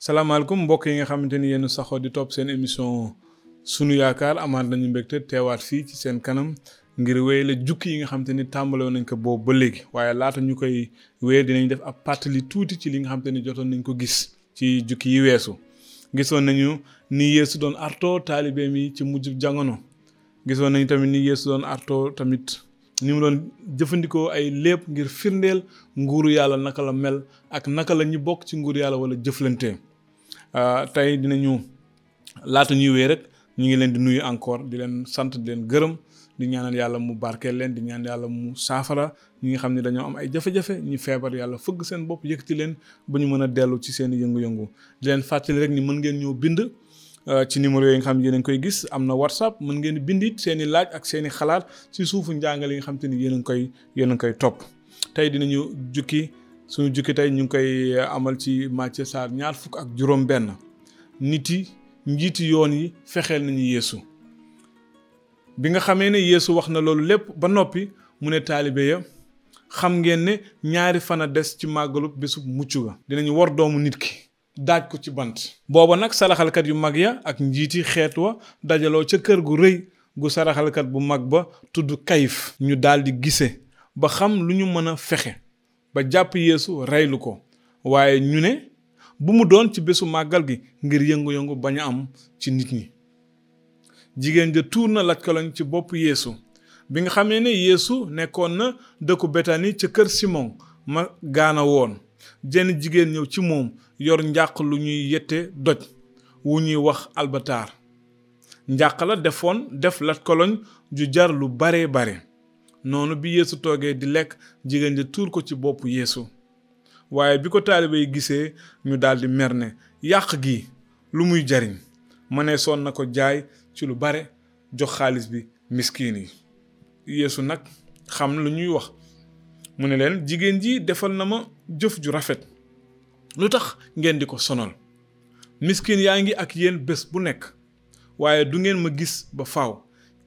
salaamaaleykum mbokk yi nga xamante ni yéen saxoo di topp seen émission sunu yaakaar amaat nañu mbégte teewaat fii ci seen kanam ngir wéy la jukki yi nga xamante ni tàmbaloo nañ ko boobu ba léegi waaye laata ñu koy wéy dinañ def ab pàttali tuuti ci li nga xamante ni jotoon nañu ko gis ci jukki yi weesu. gisoon nañu ni Yeesu doon artoo taalibeem yi ci mujj jamono gisoon nañu tamit ni Yeesu doon artoo tamit. ni mu doon jëfandikoo ay lépp ngir firndeel nguuru yàlla naka la mel ak naka la ñu bokk ci nguuru yàlla wala jëflante Euh, tey dinañu laata ñuy wéy rek ñu ngi leen di nuyu encore di leen sant di leen gërëm di ñaanal yàlla mu barkeel leen di ñaan yàlla mu saafara ñi nga xam ne dañoo am ay jafe-jafe ñu feebar yàlla fëgg seen bopp yëkkati leen ba ñu mën a dellu ci seen yëngu-yëngu di leen fàttali rek ni mën ngeen ñoo bind euh, ci numéro yi nga xam ne yéen a ngi koy gis am na whatsapp mën ngeen bind it seen i laaj ak seeni xalaat ci suufu njàngale yi nga xam te ni yéen a koy yéen ngi koy topp suñu jukki tey ñu ngi koy eh, amal ci Mathieu Sarr ñaar fukk ak juróom benn nit yi njiiti yoon yi fexeel nañu yéesu bi nga xamee ne yéesu wax na loolu lépp ba noppi mu ne taalibe ya xam ngeen ne ñaari fan a des ci màggalu bésu mucc ga dinañu war doomu nit ki daaj ko ci bant booba nag saraxalkat yu mag ya ak njiiti xeet wa dajaloo ca kër gu rëy gu saraxalkat bu mag ba tudd kayif ñu daldi gisee ba xam lu ñu mën a fexe ba jàpp yeesu reylu ko waaye ñu ne bu mu doon ci bésu màggal gi ngir yëngu-yëngu bañ a am ci nit ñi jigéen ja tuur na latkaloñ ci bopp yéesu bi nga xamee ne yéesu nekkoon na dëkku betani ca kër simon ma gaana woon jenn jigéen ñëw ci moom yor njàq lu ñuy yette doj wu ñuy wax albatar njàq la defoon def latkaloñ ju jar lu bare bare noonu bi yéesu toogee di lekk jigéen ja tuur ko ci bopp yéesu waaye bi ko taalibe yi gisee ñu daldi mer ne yàq gi lu muy jariñ ma mëneesoon na ko jaay ci lu bare jox xaalis bi miskin yi yéesu nag xam lu ñuy wax mu ne leen jigéen ji defal na ma jëf ju rafet lu tax ngeen di ko sonal miskin yaa ngi ak yéen bés bu nekk waaye du ngeen ma gis ba faaw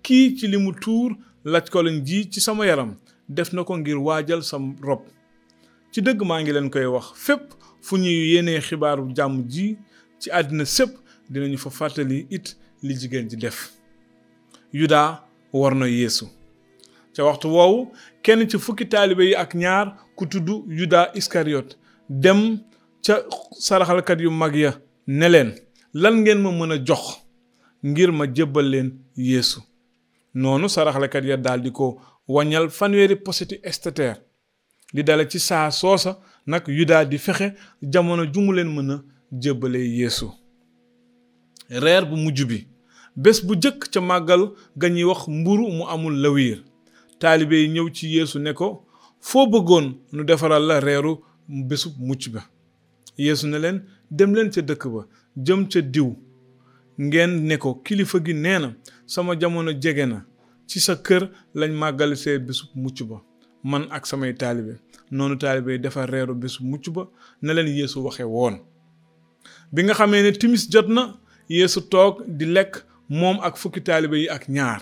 kii ci li mu tuur laj koloñ ji ci sama yaram def na ko ngir waajal sam rob ci dëgg maa ngi leen koy wax fépp fu ñuy yéenee xibaaru jàmm ji ci àddina sépp dinañu fa fàttali it li jigéen ji def yuda war na yéesu ca waxtu woowu kenn ci fukki taalibe yi ak ñaar ku tudd yuda iskariyot dem ca saraxalkat yu mag ya ne leen lan ngeen ma mën a jox ngir ma jébbal leen yéesu noonu saraxalekat ya daal ko wàññal fanweeri positi esteter di dale ci saa soosa nag yu di fexe jamono ju mu leen mën a jébbale yéesu reer bu mujj bi bés bu jëkk ca màggal ga ñuy wax mburu mu amul lawiir taalibe yi ñëw ci yéesu ne ko foo bëggoon nu defaral la reeru bésub mucc ba yéesu ne leen dem ca dëkk ba jëm ca diw ngeen ne ko kilifa gi nee na sama jamono jege na ci sa kër lañ màggalisee bésu mucc ba man ak samay taalibe noonu taalibe yi defar reeru bésu mucc ba ne leen yéesu waxe woon bi nga xamee ne timis jot na yeesu toog di lekk moom ak fukki taalibe yi ak ñaar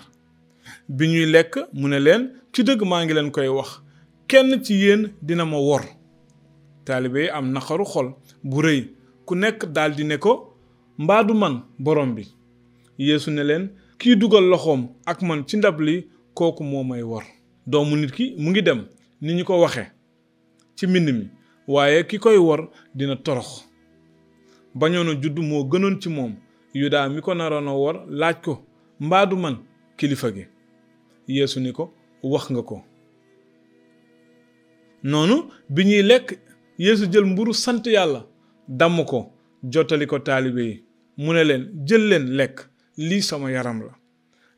bi ñuy lekk mu ne leen ci dëgg maa ngi leen koy wax kenn ci yéen dina ma wor taalibe yi am naqaru xol bu rëy ku nekk daldi ne ko mbaa du man borom bi yéesu ne leen kii dugal loxoom ak man ci ndab li kooku moo wor doomu nit ki mu ngi dem ni ñu ko waxe ci mbind mi waaye ki koy wor dina torox bañoon a judd moo gënoon ci moom yudaa mi ko naroon wor laaj ko mbaa du man kilifa gi yéesu ni ko wax nga ko noonu bi ñuy lekk yeesu jël mburu sant yàlla damm ko jottali ko taalibe yi mu ne leen jël leen lekk lii sama yaram la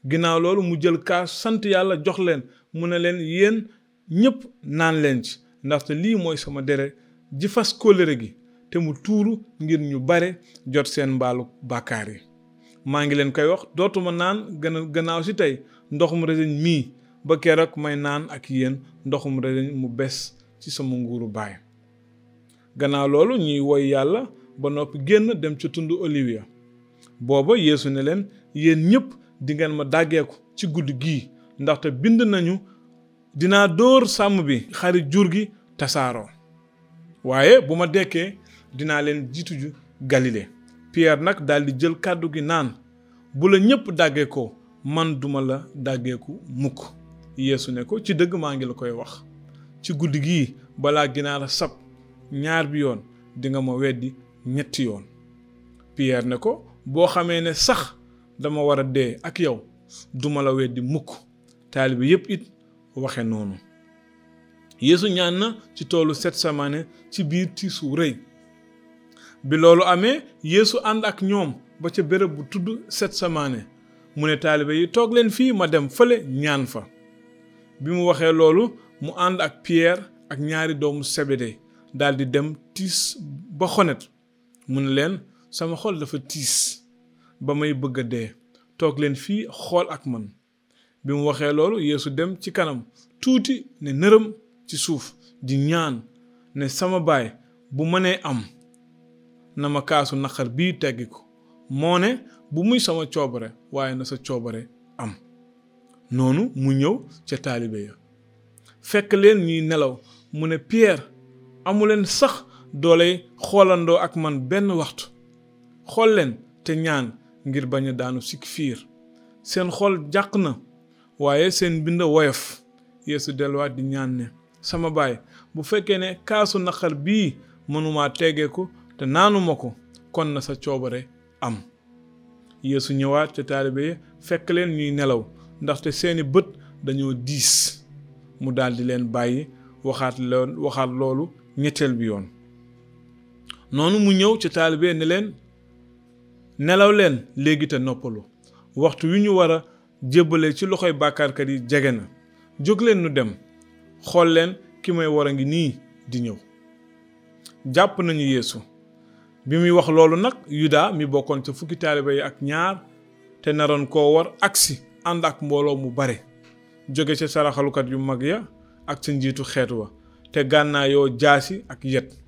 ginnaaw loolu mu jël kaas sant yàlla jox leen mu ne leen yéen ñépp naan leen ci ndaxte lii mooy sama dere ji fas kóllëre gi te mu tuuru ngir ñu bare jot seen mbaalu bàkkaar yi maa ngi leen koy wax dootuma naan gën a gannaaw si tey ndoxum raisin mii ba keroog may naan ak yéen ndoxum raisin mu bes ci sama nguuru baay gannaaw loolu ñuy woy yàlla ba noppi génn dem ca tund olivier booba yéesu ne leen yéen ñëpp dingeen ma dàggeeku ci guddi gii ndaxte bind nañu dinaa dóor sàmm bi xarit jur gi tasaaroo waaye bu ma dekkee dinaa leen jiitu ju galile Pierre nag daldi jël kàddu gi naan bu la ñëpp dàggeekoo man duma la dàggeeku mukk yéesu ne ko ci dëgg maa ngi la koy wax ci guddi gii balaa ginaar a sab ñaar bi yoon dinga ma weddi ñetti yoon Pierre ne ko boo xamee ne sax dama war a dee ak yow duma la weddi mukk taalibe yépp it waxe noonu yéesu ñaan na ci toolu Setsamane ci biir tiisu rëy bi loolu amee yéesu ànd ak ñoom ba ca bëréb bu tudd Setsamane mu ne taalibe yi toog leen fii ma dem fële ñaan fa bi mu waxee loolu mu ànd ak Pierre ak ñaari doomu Sebede daldi dem tiis ba xonet mu ne leen sama xol dafa tiis ba may bëgg a dee toog leen fii xool ak man bi mu waxee loolu yéesu dem ci kanam tuuti ne nërëm ci suuf di ñaan ne sama baay bu mënee am na ma kaasu naqar bii teggi ko moo ne bu muy sama coobare waaye na sa coobare am noonu mu ñëw ca taalibe ya fekk leen ñuy nelaw mu ne Pierre amuleen sax doolay xoolandoo ak man benn waxtu xool leen te ñaan ngir bañ a daanu sikk fiir seen xol jàq na waaye seen bind woyof yéesu delluwaat di ñaan ne sama baay bu fekkee ne kaasu naqar bii mënumaa teggeeku te naanuma ko kon na sa coobare am yeesu ñëwaat ca taalibe yi fekk leen ñuy nelaw ndaxte seeni bët dañoo diis mu daldi leen bàyyi waxaat waxaat loolu ñetteel bi yoon noonu mu ñëw ci taalibe ne leen nelaw leen léegi te noppalu waxtu wi ñu war a jébbale ci loxoy bàkkaarkat yi jege na jóg leen nu dem xool leen ki may war a ngi nii di ñëw jàpp nañu yéesu bi muy wax loolu nag yuda mi bokkoon ca fukki taalibe yi ak ñaar te naroon koo war agsi ànd ak mbooloo mu bare jóge ca saraxalukat yu mag ya ak sa njiitu xeet wa te gànnaayoo jaasi ak yet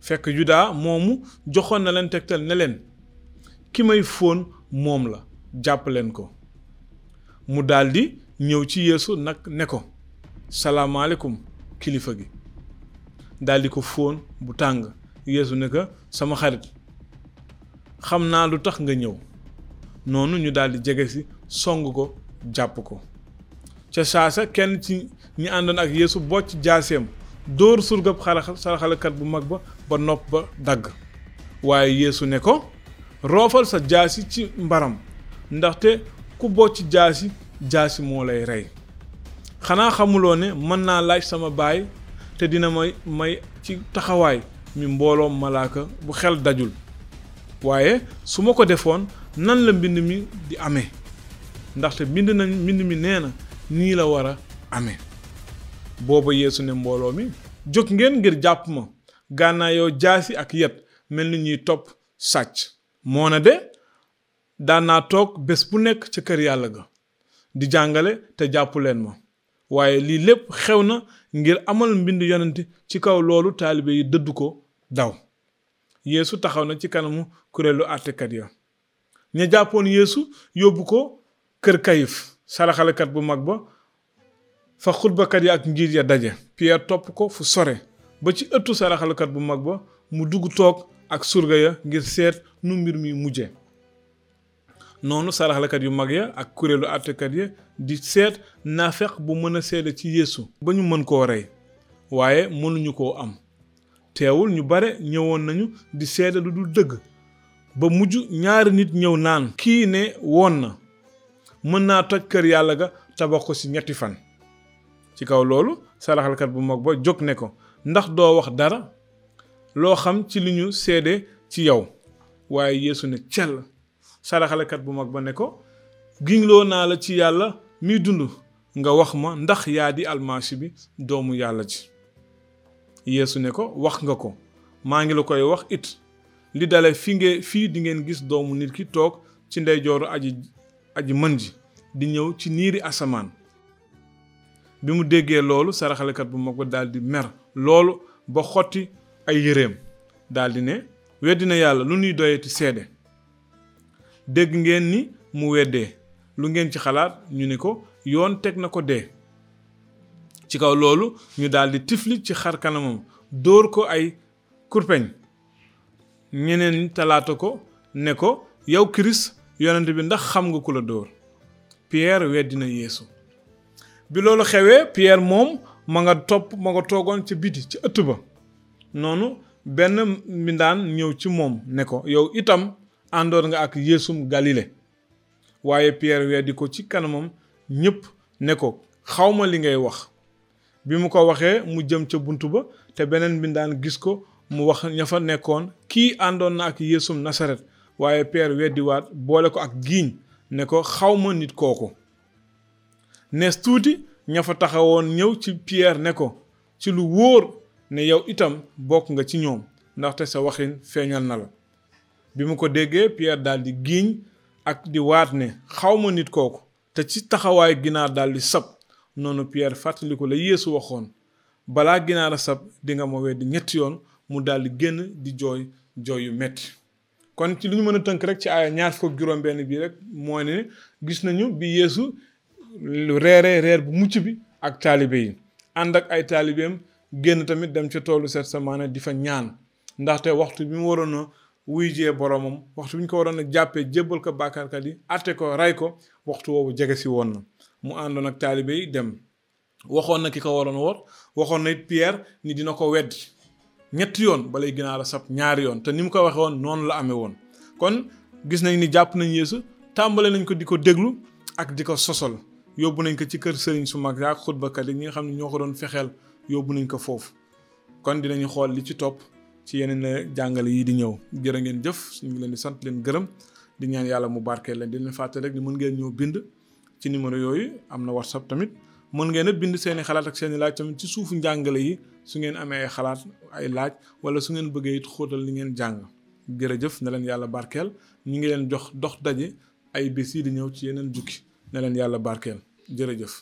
fekk juda moomu joxoon na leen tegtal ne leen ki may fóon moom la jàpp leen ko mu daldi ñëw ci yeesu nag ne ko salaamaaleykum kilifa gi daldi ko fóon bu tàng yeesu ne ko sama xarit xam naa lu tax nga ñëw noonu ñu daldi jege si song ko jàpp ko ca saasa kenn ci ñi àndoon ak yeesu bocc jaaseem dóor surgab xaraxal saraxalekat bu mag ba ba nopp ba dagg waaye yéesu ne ko roofal sa jaasi ci mbaram ndaxte ku bocc jaasi jaasi moo lay rey xanaa xamuloo ne mën naa laaj sama baay te dina may may ci taxawaay mi mbooloom malaaka bu xel dajul waaye su ma ko defoon nan la mbind mi di amee ndaxte bind nañ mbind mi nee na nii la war a amee booba yeesu ne mbooloo mi jóg ngeen ngir jàpp ma gànnaayoo jaasi ak yet mel ni ñuy topp sàcc moona de daan toog bés bu nekk ca kër yàlla ga di jàngale te jàpp leen ma waaye lii lépp xew na ngir amal mbind yonent ci kaw loolu taalibe yi dëddu ko daw yéesu taxaw na ci kanamu kuréelu àttekat ya ña jàppoon yéesu yóbbu ko kër kayif saraxalekat bu mag ba fa xutbakat ya ak njiit ya daje Pierre topp ko fu sore ba ci ëttu saraxalkat bu mag ba mu dugg toog ak surga ya ngir seet nu mbir mi mujje noonu saraxalkat yu mag ya ak kuréelu àttekat ya di seet naafeq bu mën a seede ci yéesu ba ñu mën koo rey waaye mënuñu ko am teewul ñu bare ñëwoon nañu di seede lu dul dëgg ba mujj ñaari nit ñëw naan kii ne woon na mën naa toj kër yàlla ga tabax ko ci ñetti fan ci kaw loolu saraxalkat bu mag ba jóg ne ko ndax doo wax dara loo xam ci li ñu seede ci yow waaye yéesu ne cell saraxalkat bu mag ba ne ko giñloo naa la ci yàlla mi dund nga wax ma ndax yaa di almasi bi doomu yàlla ji yéesu ne ko wax nga ko maa ngi la koy wax it li dale fi ngeen fii di ngeen gis doomu nit ki toog ci ndeyjooru aji aji man ji di ñëw ci niiri asamaan bi mu déggee loolu saraxalekat bu mag ba daldi mer loolu ba xotti ay yéreem daldi ne weddi na yàlla lu nuy doyati seede dégg ngeen ni mu weddee lu ngeen ci xalaat ñu ni ko yoon teg na ko dee ci kaw loolu ñu daal di tifli ci xar kanamam dóor ko ay kurpeñ ñeneen talaata ko ne ko yow kiris yonent bi ndax xam nga ku la dóor Pierre weddi na Yeesu bi loolu xewee Pierre moom ma nga topp ma nga toogoon ca biti ci ëtt ba noonu benn mbindaan ñëw ci moom ne ko yow itam àndoon nga ak Yeesum Galile waaye Pierre weddi ko ci kanamam ñépp ne ko xawma li ngay wax bi mu ko waxee mu jëm ca bunt ba te beneen mbindaan gis ko mu wax ña fa nekkoon kii àndoon na ak Yeesum Nasaret waaye Pierre weddiwaat boole ko ak giiñ ne ko xawma nit kooku nees tuuti ña fa taxawoon ñëw ci Pierre ne ko ci lu wóor ne yow itam bokk nga ci ñoom ndaxte sa waxin feeñal na la bi mu ko déggee Pierre daal di giiñ ak di waat ne xawma nit kooku te ci taxawaay ginaar daal di sab noonu Pierre fàttaliku la yéesu waxoon balaa ginaar a sab di ma weddi ñetti yoon mu daal di génn di jooy jooy yu metti kon ci li ñu mën a tënk rek ci aaya ñaar fukk juróom benn bii rek mooy ne gis nañu bi yéesu reeree reer bu mucc bi ak taalibe yi ànd ak ay taalibeem génn tamit dem ca toolu set semaine di fa ñaan ndaxte waxtu bi mu waroon a wuy jee boromam waxtu bi ñu ko waroon a jàppee jébbal ko bàkkaarkat yi atte ko ray ko waxtu woowu jege si woon na mu àndoon ak taalibe yi dem waxoon na ki ko waroon war waxoon na it Pierre ni dina ko wedd ñetti yoon balay ginaar a sab ñaari yoon te ni mu ko waxee woon noonu la amee woon kon gis nañ ni jàpp nañ Yeesu tàmbale nañ ko di ko déglu ak di ko sosol yóbbu nañ ko ci kër sëriñ su mag yaag xutbakat yi ñi nga xam ne ñoo ko doon fexeel yóbbu nañ ko foofu kon dinañu xool li ci topp ci yeneen jàngale yi di ñëw jërë ngeen jëf ñu ngi leen di sant leen gërëm di ñaan yàlla mu barkeel leen di leen fàtte rek ni mën ngeen ñëw bind ci numéro yooyu am na whatsapp tamit mën ngeen a bind seeni xalaat ak seeni laaj tamit ci suufu njàngale yi su ngeen amee ay xalaat ay laaj wala su ngeen bëggee it xóotal li ngeen jàng jërëjëf na leen yàlla barkeel ñu ngi leen jox dox daje ay bés yi di ñëw ci yeneen jukki na leen yàlla barkeel jërëjëf